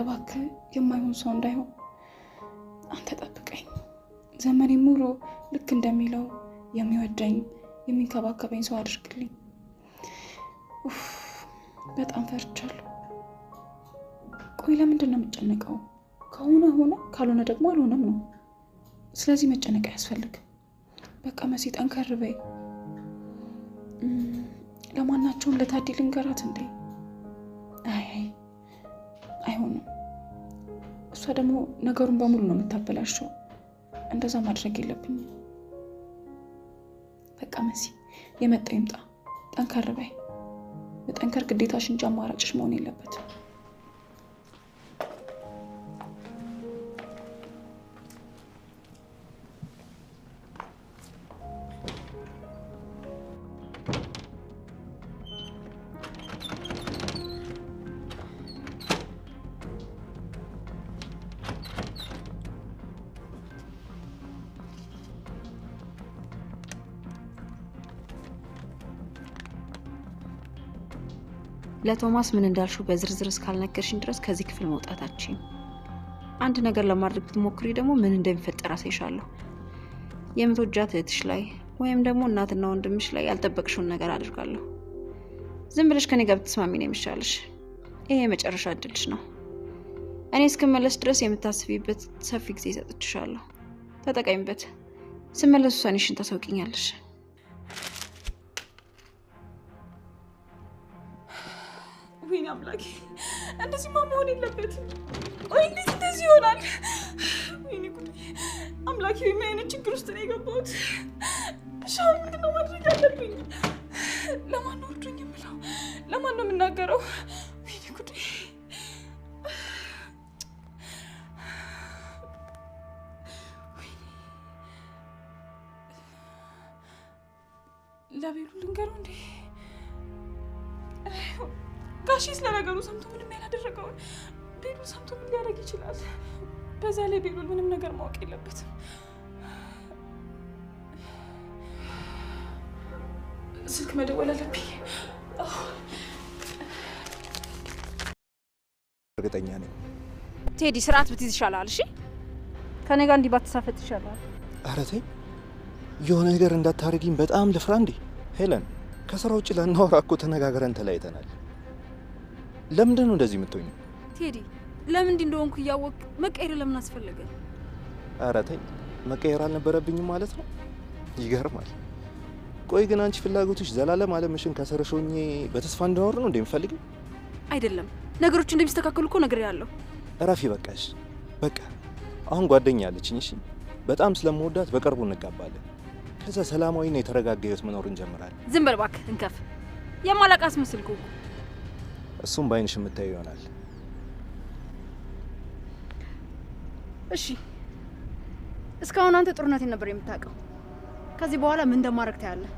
እባክህ የማይሆን ሰው እንዳይሆን አንተ ጠብቀኝ። ዘመኔ ሙሉ ልክ እንደሚለው የሚወደኝ የሚንከባከበኝ ሰው አድርግልኝ። በጣም ፈርቻለሁ። ቆይ ለምንድን ነው የምጨነቀው? ከሆነ ሆነ፣ ካልሆነ ደግሞ አልሆነም ነው። ስለዚህ መጨነቅ አያስፈልግም። በቃ መሲ ጠንከር በይ። ለማናቸውም ለታዲ ልንገራት እንዴ? አይ አይሆንም። እሷ ደግሞ ነገሩን በሙሉ ነው የምታበላሸው። እንደዛ ማድረግ የለብኝም። በቃ መሲ የመጣ ይምጣ። ጠንከር በይ። መጠንከር ግዴታሽ እንጂ አማራጭሽ መሆን የለበትም። ለቶማስ ምን እንዳልሽው በዝርዝር እስካልነገርሽኝ ድረስ ከዚህ ክፍል መውጣታችን። አንድ ነገር ለማድረግ ብትሞክሪ ደግሞ ምን እንደሚፈጠር አሳይሻለሁ። የምትወጃት እህትሽ ላይ ወይም ደግሞ እናትና ወንድምሽ ላይ ያልጠበቅሽውን ነገር አድርጋለሁ። ዝም ብለሽ ከኔ ጋር ብትስማሚ ነው የሚሻልሽ። ይሄ የመጨረሻ እድልሽ ነው። እኔ እስክመለስ ድረስ የምታስቢበት ሰፊ ጊዜ ይሰጥችሻለሁ። ተጠቃሚበት። ስመለስ ውሳኔሽን ታሳውቂኛለሽ። ወይኔ አምላኬ፣ እንደዚህማ መሆን የለበትም። ወይ እንዴት እንደዚህ ይሆናል? ወይኔ ጉዴ አምላኬ፣ ምን አይነት ችግር ውስጥ ነው የገባሁት? እሺ አሁን ምንድን ነው ማድረግ ያለብኝ? ለማን ነው እርዱኝ የምለው? ለማን ነው የምናገረው? ወይኔ ጉዴ ለቤሉ ልንገረው እንዴ? ጋሺ ስለ ነገሩ ሰምቶ ምንም ያላደረገውን ቤሉል ሰምቶ ምን ሊያደርግ ይችላል? በዛ ላይ ቤሉል ምንም ነገር ማወቅ የለበትም። ስልክ መደወል አለብኝ። እርግጠኛ ነኝ ቴዲ፣ ስርዓት ብትይዝ ይሻላል። እሺ፣ ከኔ ጋር እንዲህ ባትሳፈጥ ይሻላል። ኧረ ተይ፣ የሆነ ነገር እንዳታደርጊኝ። በጣም ልፍራ እንዴ ሄለን? ከስራ ውጭ ላናወራ እኮ ተነጋግረን ተለያይተናል። ለምንድን ነው እንደዚህ የምትሆኝ? ቴዲ ለምን እንዲህ እንደሆንኩ እያወቅ መቀየር ለምን አስፈለገ? ኧረ ተይ፣ መቀየር አልነበረብኝም ማለት ነው። ይገርማል። ቆይ ግን አንቺ ፍላጎቶች ዘላለም አለምሽን ከስርሽ ሆኜ በተስፋ እንድኖር ነው እንደምፈልገው? አይደለም፣ ነገሮች እንደሚስተካከሉ እኮ ያለው እረፊ በቃሽ። በቃ አሁን ጓደኛ አለችኝ። እሺ፣ በጣም ስለምወዳት በቅርቡ እንጋባለን። ከዛ ሰላማዊና የተረጋጋ ህይወት መኖር እንጀምራለን። ዝም በል እባክህ፣ እንከፍ የማላቃስ ምስል እሱም በአይንሽ የምታዩ ይሆናል። እሺ፣ እስካሁን አንተ ጥሩነቴን ነበር የምታውቀው። ከዚህ በኋላ ምን እንደማድረግ ታያለህ።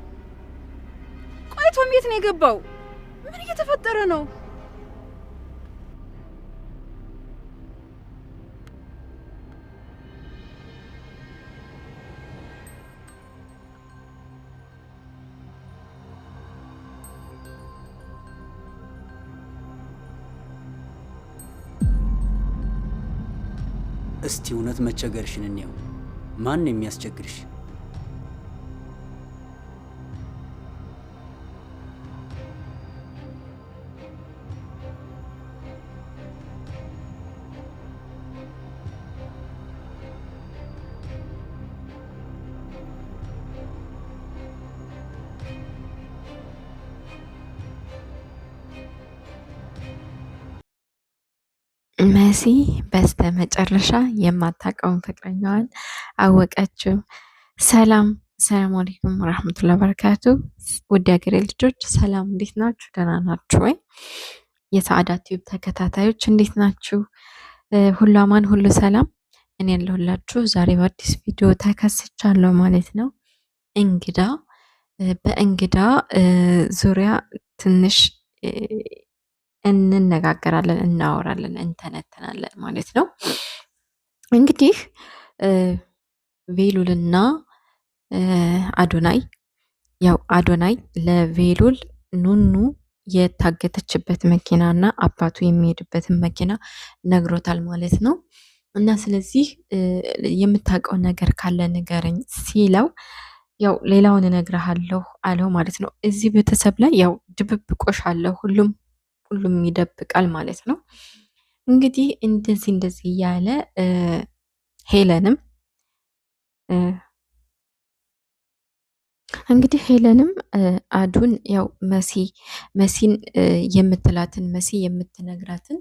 ቆይቶም የት ነው የገባው? ምን እየተፈጠረ ነው? እስቲ እውነት መቸገርሽን እንየው። ማን የሚያስቸግርሽ? መሲ በስተ መጨረሻ የማታውቀውን ፍቅረኛዋን አወቀችው። ሰላም ሰላም አለይኩም ወራህመቱላ በረካቱ። ውድ ሀገሬ ልጆች ሰላም፣ እንዴት ናችሁ? ደህና ናችሁ ወይ? የሰዓዳ ቲዩብ ተከታታዮች እንዴት ናችሁ? ሁሉ አማን፣ ሁሉ ሰላም። እኔ ያለሁላችሁ ዛሬ በአዲስ ቪዲዮ ተከስቻለሁ ማለት ነው። እንግዳ በእንግዳ ዙሪያ ትንሽ እንነጋገራለን፣ እናወራለን፣ እንተነተናለን ማለት ነው። እንግዲህ ቬሉልና አዶናይ ያው አዶናይ ለቬሉል ኑኑ የታገተችበት መኪና እና አባቱ የሚሄድበትን መኪና ነግሮታል ማለት ነው። እና ስለዚህ የምታውቀው ነገር ካለ ንገረኝ ሲለው ያው ሌላውን እነግርሃለሁ አለው ማለት ነው። እዚህ ቤተሰብ ላይ ያው ድብብቆሽ አለ ሁሉም ሁሉም ይደብቃል ማለት ነው። እንግዲህ እንደዚህ እንደዚህ እያለ ሄለንም እንግዲህ ሄለንም አዱን ያው መሲ መሲን የምትላትን መሲ የምትነግራትን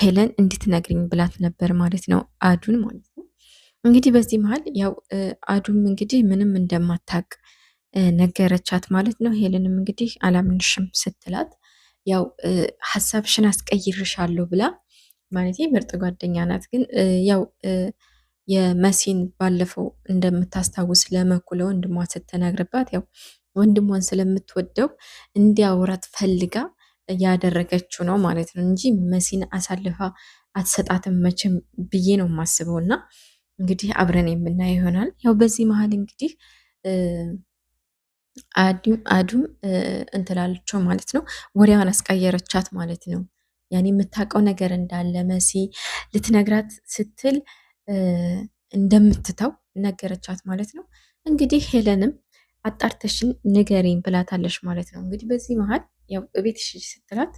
ሄለን እንድትነግርኝ ብላት ነበር ማለት ነው። አዱን ማለት ነው እንግዲህ በዚህ መሀል ያው አዱም እንግዲህ ምንም እንደማታቅ ነገረቻት ማለት ነው። ሄለንም እንግዲህ አላምንሽም ስትላት ያው ሀሳብሽን አስቀይርሻለሁ ብላ ማለት ምርጥ ጓደኛ ናት። ግን ያው የመሲን ባለፈው እንደምታስታውስ ለመኩ ለወንድሟ ስትነግርባት ያው ወንድሟን ስለምትወደው እንዲያውራት ፈልጋ ያደረገችው ነው ማለት ነው እንጂ መሲን አሳልፋ አትሰጣትም መቼም ብዬ ነው የማስበው። እና እንግዲህ አብረን የምናየው ይሆናል። ያው በዚህ መሀል እንግዲህ አዱም አዱም እንትላለችው ማለት ነው። ወሬዋን አስቀየረቻት ማለት ነው። ያኔ የምታውቀው ነገር እንዳለ መሲ ልትነግራት ስትል እንደምትተው ነገረቻት ማለት ነው። እንግዲህ ሄለንም አጣርተሽን ንገሪን ብላታለሽ ማለት ነው። እንግዲህ በዚህ መሀል ያው እቤትሽ ስትላት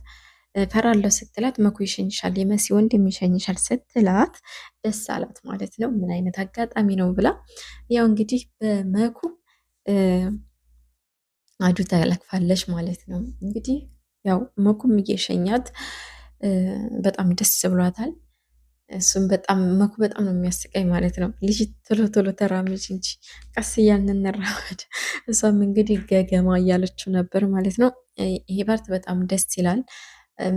ፈራለሁ ስትላት መኩ ይሸኝሻል፣ የመሲ ወንድም ይሸኝሻል ስትላት ደስ አላት ማለት ነው። ምን አይነት አጋጣሚ ነው ብላ ያው እንግዲህ በመኩ አዱ ተለክፋለች ማለት ነው። እንግዲህ ያው መኩም እየሸኛት በጣም ደስ ብሏታል። እሱም በጣም መኩ በጣም ነው የሚያስቀኝ ማለት ነው። ልጅ ቶሎ ቶሎ ተራመጅ እንጂ ቀስ እያልን እንራመድ። እሷም እንግዲህ ገገማ እያለችው ነበር ማለት ነው። ይሄ ፓርት በጣም ደስ ይላል።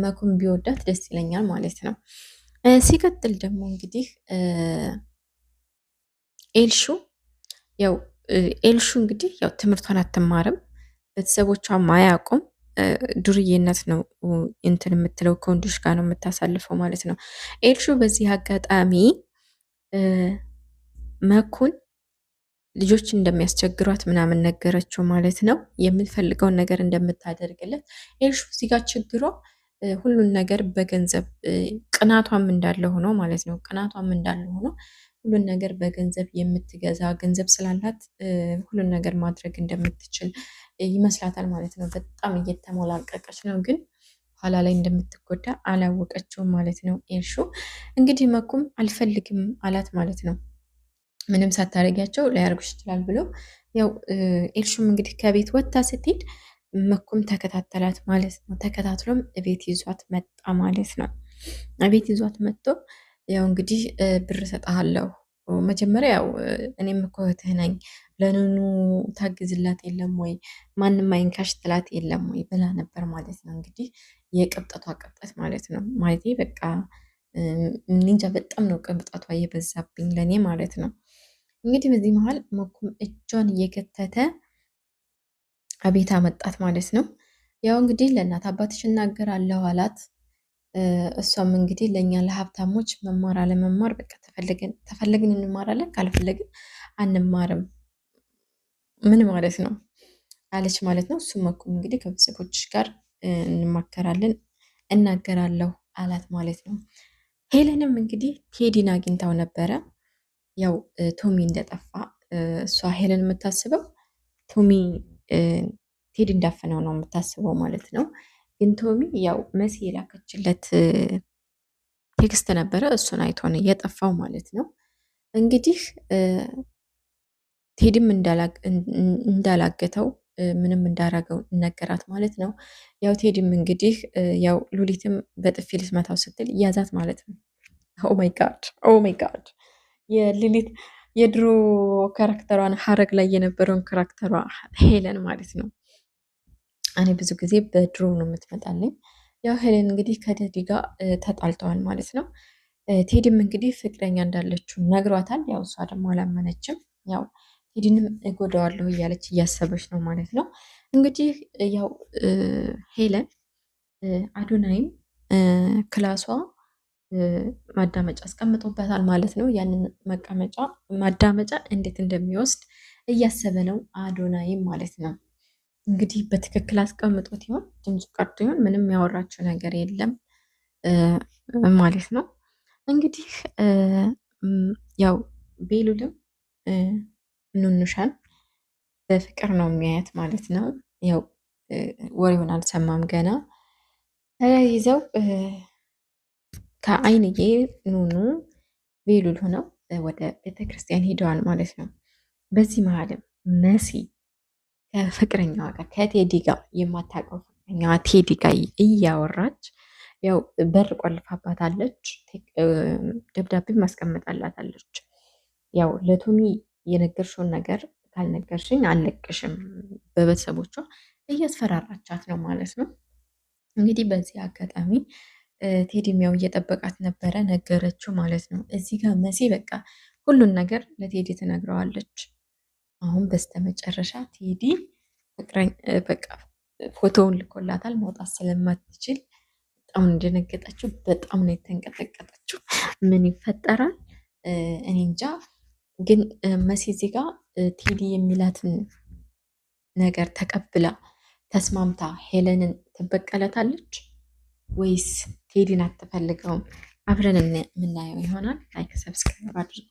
መኩም ቢወዳት ደስ ይለኛል ማለት ነው። ሲቀጥል ደግሞ እንግዲህ ኤልሹ ያው ኤልሹ እንግዲህ ያው ትምህርቷን አትማርም ቤተሰቦቿ ማያቁም ዱርዬነት ነው እንትን የምትለው ከወንዶች ጋር ነው የምታሳልፈው ማለት ነው። ኤልሹ በዚህ አጋጣሚ መኩን ልጆች እንደሚያስቸግሯት ምናምን ነገረችው ማለት ነው። የምትፈልገውን ነገር እንደምታደርግለት ኤልሹ እዚህ ችግሯ ሁሉን ነገር በገንዘብ ቅናቷም እንዳለ ሆኖ ማለት ነው። ቅናቷም እንዳለ ሆኖ ሁሉን ነገር በገንዘብ የምትገዛ ገንዘብ ስላላት ሁሉን ነገር ማድረግ እንደምትችል ይመስላታል ማለት ነው። በጣም እየተሞላቀቀች ነው ግን ኋላ ላይ እንደምትጎዳ አላወቀችውም ማለት ነው። ኤርሹ እንግዲህ መኩም አልፈልግም አላት ማለት ነው። ምንም ሳታረጊያቸው ላያርጉሽ ይችላል ብሎ ያው ኤርሹም እንግዲህ ከቤት ወጥታ ስትሄድ ምኩም ተከታተላት ማለት ነው። ተከታትሎም እቤት ይዟት መጣ ማለት ነው። እቤት ይዟት መጥቶ ያው እንግዲህ ብር ሰጠሃለሁ መጀመሪያ ያው እኔም እኮ እህትህ ነኝ ለኑኑ ታግዝላት የለም ወይ ማንም አይንካሽ ትላት የለም ወይ ብላ ነበር ማለት ነው። እንግዲህ የቅብጠቷ ቅብጠት ማለት ነው። ማለት በቃ እንጃ በጣም ነው ቅብጠቷ የበዛብኝ ለእኔ ማለት ነው። እንግዲህ በዚህ መሀል መኩም እጇን እየገተተ አቤት አመጣት ማለት ነው። ያው እንግዲህ ለእናት አባትሽ እናገራለሁ አላት። እሷም እንግዲህ ለእኛ ለሀብታሞች መማር አለመማር በቃ ተፈለግን እንማራለን፣ ካልፈለግን አንማርም ምን ማለት ነው አለች ማለት ነው። እሱም መኩም እንግዲህ ከቤተሰቦች ጋር እንማከራለን እናገራለሁ አላት ማለት ነው። ሄለንም እንግዲህ ቴዲን አግኝታው ነበረ። ያው ቶሚ እንደጠፋ እሷ ሄለን የምታስበው ቶሚ ቴዲ እንዳፈነው ነው የምታስበው ማለት ነው። ግን ቶሚ ያው መሲ የላከችለት ቴክስት ነበረ። እሱን አይቶን እየጠፋው ማለት ነው። እንግዲህ ቴዲም እንዳላገተው ምንም እንዳረገው ነገራት ማለት ነው። ያው ቴዲም እንግዲህ ያው ሉሊትም በጥፊ ልትመታው ስትል ያዛት ማለት ነው። ኦ ማይ ጋድ ኦ ማይ ጋድ የሉሊት የድሮ ካራክተሯን ሀረግ ላይ የነበረውን ካራክተሯ ሄለን ማለት ነው። እኔ ብዙ ጊዜ በድሮ ነው የምትመጣልኝ። ያው ሄለን እንግዲህ ከቴዲ ጋር ተጣልተዋል ማለት ነው። ቴዲም እንግዲህ ፍቅረኛ እንዳለችው ነግሯታል። ያው እሷ ደግሞ አላመነችም። ያው ቴዲንም እጎዳዋለሁ እያለች እያሰበች ነው ማለት ነው። እንግዲህ ያው ሄለን አዶናይም ክላሷ ማዳመጫ አስቀምጦበታል ማለት ነው። ያንን መቀመጫ ማዳመጫ እንዴት እንደሚወስድ እያሰበ ነው አዶናይም ማለት ነው። እንግዲህ በትክክል አስቀምጦት ይሆን ድምፁ ቀርቶ ይሆን ምንም ያወራችው ነገር የለም ማለት ነው። እንግዲህ ያው ቤሉልም ኑኑሻን በፍቅር ነው የሚያያት ማለት ነው። ያው ወሬውን አልሰማም ገና ተያይዘው ከአይንዬ ኑኑ ቤሉል ሆነው ወደ ቤተ ክርስቲያን ሄደዋል ማለት ነው። በዚህ መሀልም መሲ ከፍቅረኛዋ ጋር ከቴዲ ጋር የማታውቀው ፍቅረኛዋ ቴዲ ጋር እያወራች ያው በር ቆልፋባታለች፣ ደብዳቤ ማስቀመጣላታለች። ያው ለቶሚ የነገርሽውን ነገር ካልነገርሽኝ አልለቅሽም፣ በቤተሰቦቿ እያስፈራራቻት ነው ማለት ነው። እንግዲህ በዚህ አጋጣሚ ቴዲ ሚያው እየጠበቃት ነበረ፣ ነገረችው ማለት ነው። እዚህ ጋር መሲ በቃ ሁሉን ነገር ለቴዲ ትነግረዋለች። አሁን በስተመጨረሻ ቴዲ በቃ ፎቶውን ልኮላታል። መውጣት ስለማትችል በጣም እንደነገጠችው፣ በጣም ነው የተንቀጠቀጠችው። ምን ይፈጠራል እኔ እንጃ። ግን መሲ እዚህ ጋር ቴዲ የሚላትን ነገር ተቀብላ ተስማምታ ሄለንን ትበቀለታለች ወይስ ቴዲን አትፈልገውም። አብረን የምናየው ይሆናል። ላይክ ሰብስክራይብ አድርጉ።